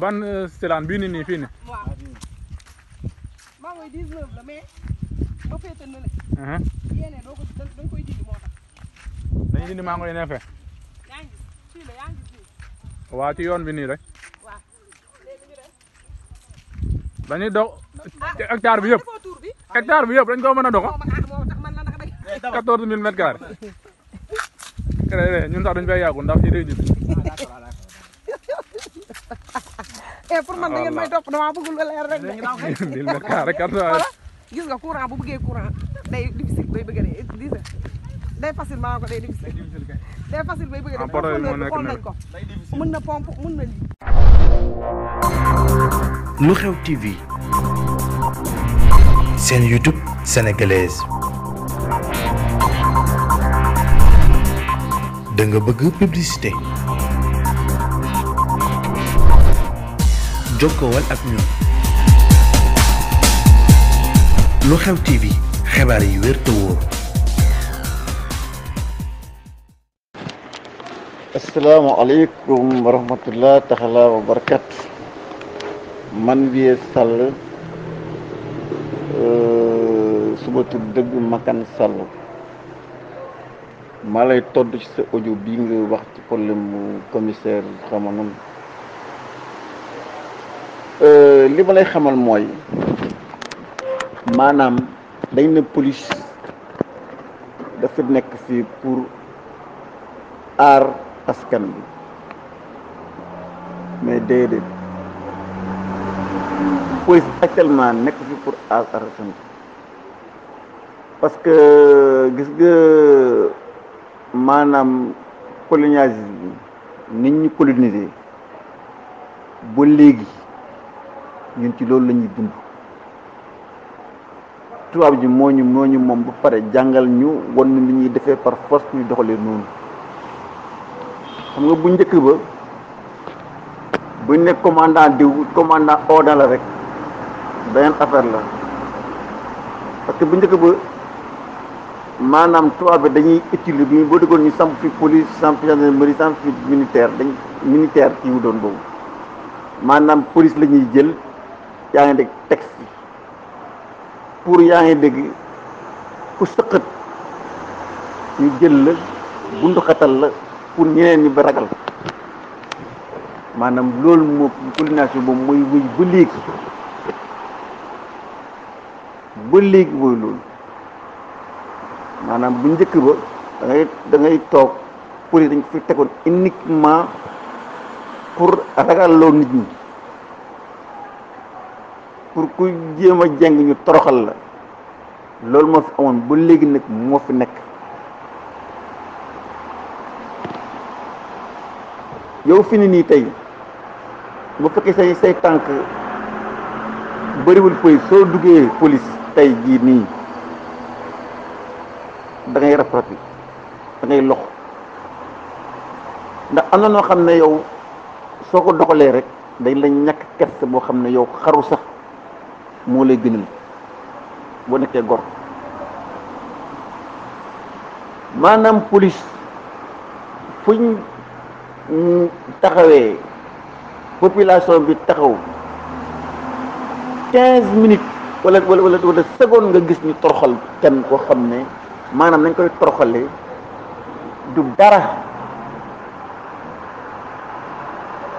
ban euh, Silane bii nii nii fii nii. waaw maa ngi uh-huh. maa ngi leen a fekk. yaa yoon bi nii rek. waaw léegi ah. hectare bi yëpp. hectare bi yëpp dañ ko mën a dox. 14000 ah, mètres carrés. ñun sax dañu fay yàggu ndax fii day jub. waaw pour man da ngeen may topp damaa bëggul leer rek de. gis nga courant bu bëggee courant day difficile bay bëgg a dee day facile maa ko day difficile. day facile bay bëgg a dee xool nañ ko mën na pompe mën na lii. lu xew TV seen YouTube sénégalaise. da nga bëgg publicité jokkool ak ñun lu xew TV xibaar yi wér te wóor. asalaamaaleykum wa rahmatulah taxala wa barkat man Vieux Sall euh, su ma Makan Sall. maa lay tontu ci sa audio bii nga wax ci problème mu commissaire xamanam euh, li ma lay xamal mooy maanaam dañ ne police dafa nekk fii pour aar askan bi mais déedéet police actuellement nekk fii pour aar askan bi parce que gis nga. maanaam colonialisme nit ñi colonisé ba léegi ñun ci loolu lañuy ñuy dund tubaab ji moo ñu moo ñu moom ba pare jàngal ñu won ni ñuy defee par force ñu doxalee noonu xam nga bu njëkk ba buñ nekk commandant diw commandant ordre la rek beneen affaire la parce bu njëkk ba maanaam tubaab bi dañuy utile bi boo déggoon ñu samp fi police samp fi gendarmerie samp fi militaire dañ militaire kii doon boobu maanaam police lañuy jël yaa ngi dégg texte pour yaa ngi dégg ku sëqat ñu jël la bunduxatal la pour ñeneen ñi ba ragal maanaam loolu moo coordination boobu mooy wéy ba léegi ba léegi mooy loolu maanaam bu njëkk ba da toog police dañ ko fi tegoon uniquement pour ragalloo nit ñi pour ku jéem a jàng ñu toroxal la loolu moo fi amoon ba léegi nag moo fi nekk yow fi ni nii tey bu fekkee say say tànk bëriwul police soo duggee police tey jii nii da ngay rafet bi da lox ndax am na noo xam ne yow soo ko doxalee rek dañ la ñàkk kers boo xam ne yow xaru sax moo lay gënal boo nekkee gor maanaam police fuñ taxawee population bi taxaw quinze minutes wala wala wala seconde nga gis ñu toroxal kenn koo xam ne maanaam nañ koy toroxalee du dara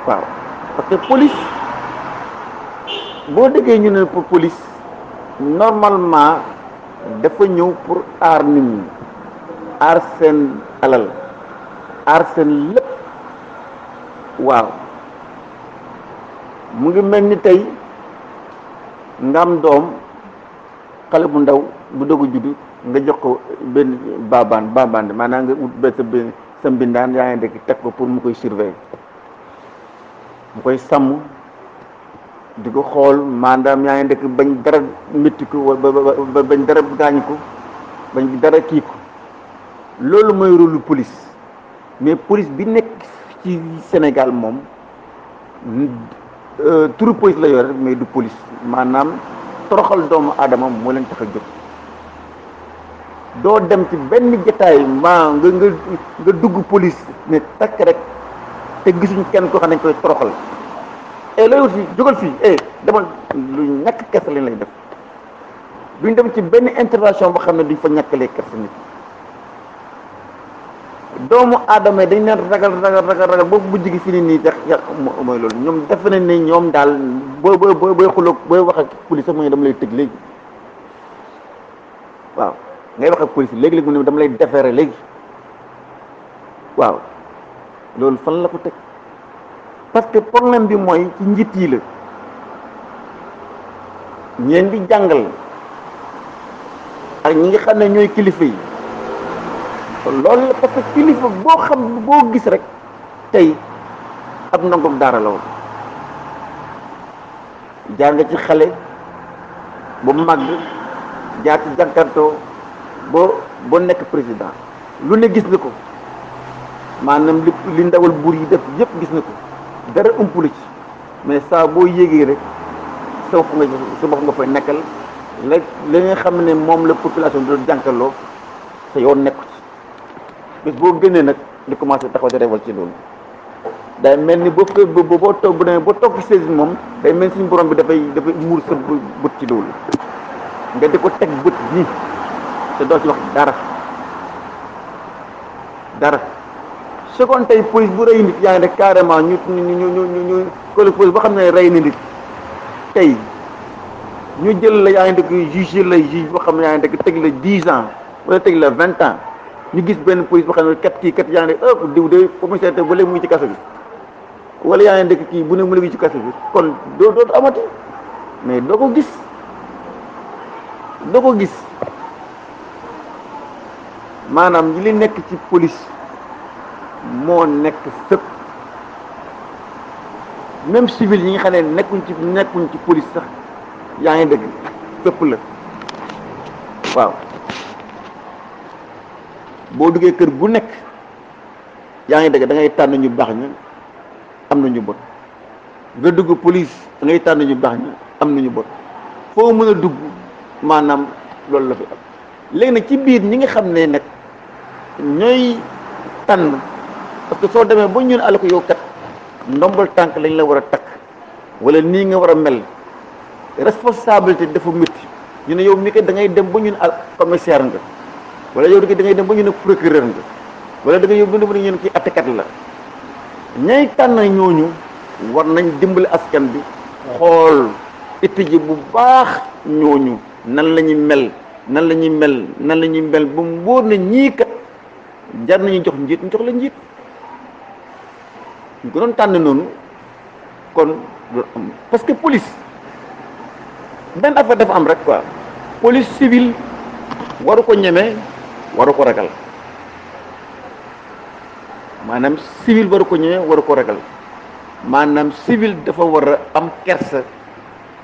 waaw parce que police boo déggee ñu ne pour police normalement dafa ñëw pour aar nit ñi aar seen alal aar seen lépp waaw mu ngi mel ni tey nga doom xale bu ndaw bu dogu juddu nga jox ko benn baabaan baabaan maanaam nga ut ba sa benn sa mbindaan yaa ngi dégg teg ko pour mu koy surveiller mu koy sàmm di ko xool maanaam yaa ngi dégg bañ dara métti ko bañ dara gaañ ko bañ dara kii ko loolu mooy rôle police mais police bi nekk ci Sénégal moom euh, turu police la yore mais du police maanaam toroxal doomu aadama moo leen tax a jóg. doo dem ci benn jataay ma nga nga nga dugg police ne takk rek te gisuñ kenn ko xam dañ koy toroxal e eh, looy fii jógal fii e demal lu ñàkk kersa lañ lay def duñ dem ci benn intervention boo xam ne duñ fa ñàkkalee kersa nit doomu aadama yi dañ leen ragal ragal ragal ragal boobu bu jigi fi ni nii yàq mooy loolu ñoom defe ne ñoom daal booy booy booy xuloog booy wax ak police sax mooy dama lay tëj léegi waaw ngay wax ak police léegi-léegi mu ne dama lay defeere léegi waaw loolu fan la ko teg parce que problème bi mooy ci njiit yi la ñeen di jàngal ak ñi ngi xam ne ñooy kilifa yi loolu la kilifa boo xam boo gis rek tey ab ndongoog daara la woon jaar nga ci xale bu màgg jaar ci jànkartoo ba ba nekk président lu ne gis na ko maanaam li li ndawal buur yi def yépp gis na ko dara umpulu ci mais saa boo yéegee rek sa bopp nga sa wax nga fay nekkal la li nga xam ne moom la population bi doon jànkaloo sa yoon nekku ci bés boo génnee nag di commencé taxaw di révolte ci loolu day mel ni boo ko boo boo toog bu demee boo toog ci saisine moom day mel ni suñu borom bi dafay dafay muur sa bët ci loolu nga di ko teg bët bii te doo ci wax dara dara su kon tey police bu rey nit yaa ngi ne carrément ñu ñu ñu ñu ñu collègue police boo xam ne rey na nit tey ñu jël la yaa ngi dëkk juge la juge boo xam ne yaa ngi dëkk teg la dix ans wala teg la vingt ans ñu gis benn police boo xam ne kat kii kat yaa ngi ne ëpp oh, diw de commissaire te ba léegi mu ngi ci kaso bi wala yaa ngi dëkk kii bu ne mu ngi ci kaso bi kon doo dootu amati mais doo ko gis doo ko gis maanaam ñi li nekk ci police moo nekk fépp même civil yi nga xam ne nekkuñ ci nekkuñ ci police sax yaa ngi dëgg fépp la waaw boo duggee kër gu nekk yaa ngi dëgg dangay tànn ñu baax ña am na ñu bot nga dugg police dangay tànn ñu baax ña am na ñu bon foo mën a dugg maanaam loolu la fi am léegi nag ci biir ñi nga xam ne nag ñooy tànn parce que soo demee ba ñun àll ko yow kat ndombal lañ la war a takk wala nii nga war a mel responsabilité dafa métti ñu ne yow mi da ngay dem ba ñun al commissaire wala yow da ngay dem ba ñu ne procureur nga wala da ngay yóbbu ne ñun kii attekat la ñay tànn ñooñu war nañ dimbali askan bi xool étudier bu baax ñooñu nan la ñuy mel nan la mel nan la mel ba mu na ñii kat jar nañu jox njiit ñu jox la njiit ñu ko doon tànn noonu kon parce que police benn affaire dafa am rek quoi police civile waru ko ñeme waru ko ragal maanaam civil waru ko ñeme waru ko ragal maanaam civil dafa war a am kers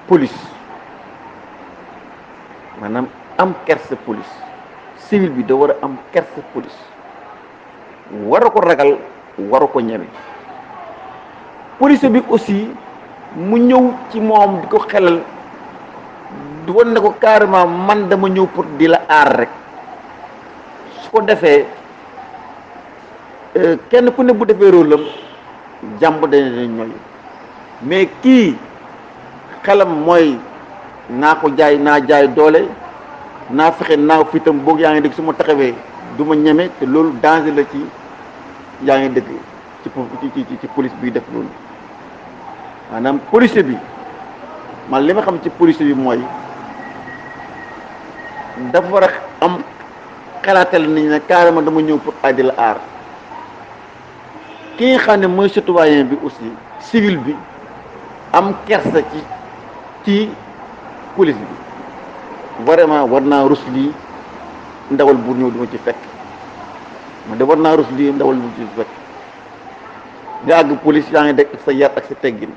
police maanaam am kersa police civil bi da war a am kersa police waru ko ragal waru ko ñeme police bi aussi mu ñëw ci moom di ko xelal di wan ne ko carrément man dama ñëw pour di la aar rek su ko defee euh, kenn ku ne bu defee rôle am jàmb dañu ñooy mais kii xelam mooy naa ko jaay naa jaay doole naa fexe naa fitam boog yaa ngi dégg su ma taxawee du ma ñeme te loolu danger la ci yaa ngi dëgg ci ci ci police bi def loolu maanaam policier bi man li ma xam ci policier bi mooy dafa war a am xalaatal nit na ne dama ñëw pour àddi aar ki nga xam ne mooy citoyen bi aussi civil bi am kersa ci ci police bi vraiment war naa rus lii ndawal buur ñëw du ma ci fekk man de war naa rus lii ndawal buur ci fekk nga àgg police yaa ngi deg ak sa yar ak teggin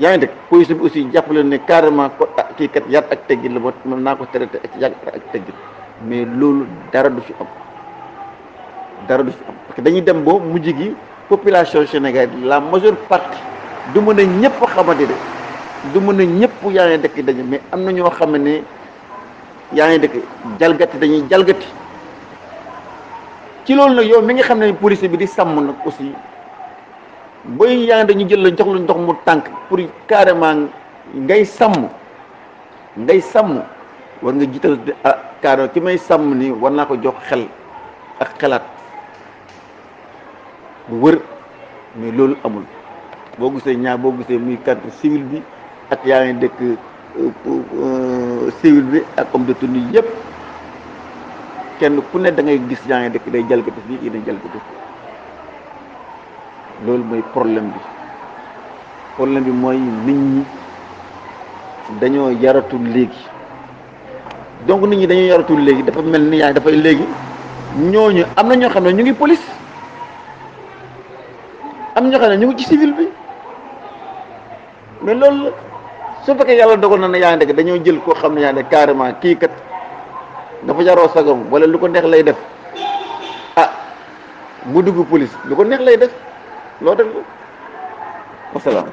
yaa ngi deg police bi aussi jàppale ne carrément ko ah, kii kat yar ak teggin la ba naa ko traité ak yar ak teggin mais loolu dara du fi am dara du fi am parce que dañuy dem boo mujj gi population Sénégal la majeure partie du mën ñëpp xamante ne du mën a ñëpp yaa ngi dëkk dañu mais am na ñoo xam ne yaa ngi dëkk jalgati dañuy jalgati ci loolu nag yow mi nga xam ne police bi di sàmm nag aussi booy yaa ngi dañu jël la jox la ndox mu tànk pour carrément ngay sàmm ngay sàmm war nga jiital ah carrément ki may sàmm nii war naa ko jox xel ak xalaat bu wër mais loolu amul boo gisee ñaar boo gisee muy carte civile bi ak yaa ngi dëkk euh, civil bi ak homme de tenue yëpp kenn ku ne da gis ñaa ngi dëkk day jalgati fii kii jalgati loolu mooy problème bi problème bi mooy nit ñi dañoo yaratul léegi donc nit ñi dañoo yaratul léegi dafa mel ni yaa dafay léegi ñooñu am na ñoo xam ne ñu ngi police am na ñoo xam ne ñu ngi ci civil bi mais loolu su fekkee yàlla dogal na ne yaa ngi dëgg dañoo jël koo xam ne yaa ngi carrément kii kat dafa jaroo sagam wala lu ko neex lay def ah bu dugg police lu ko neex lay def loo def ko wasalaam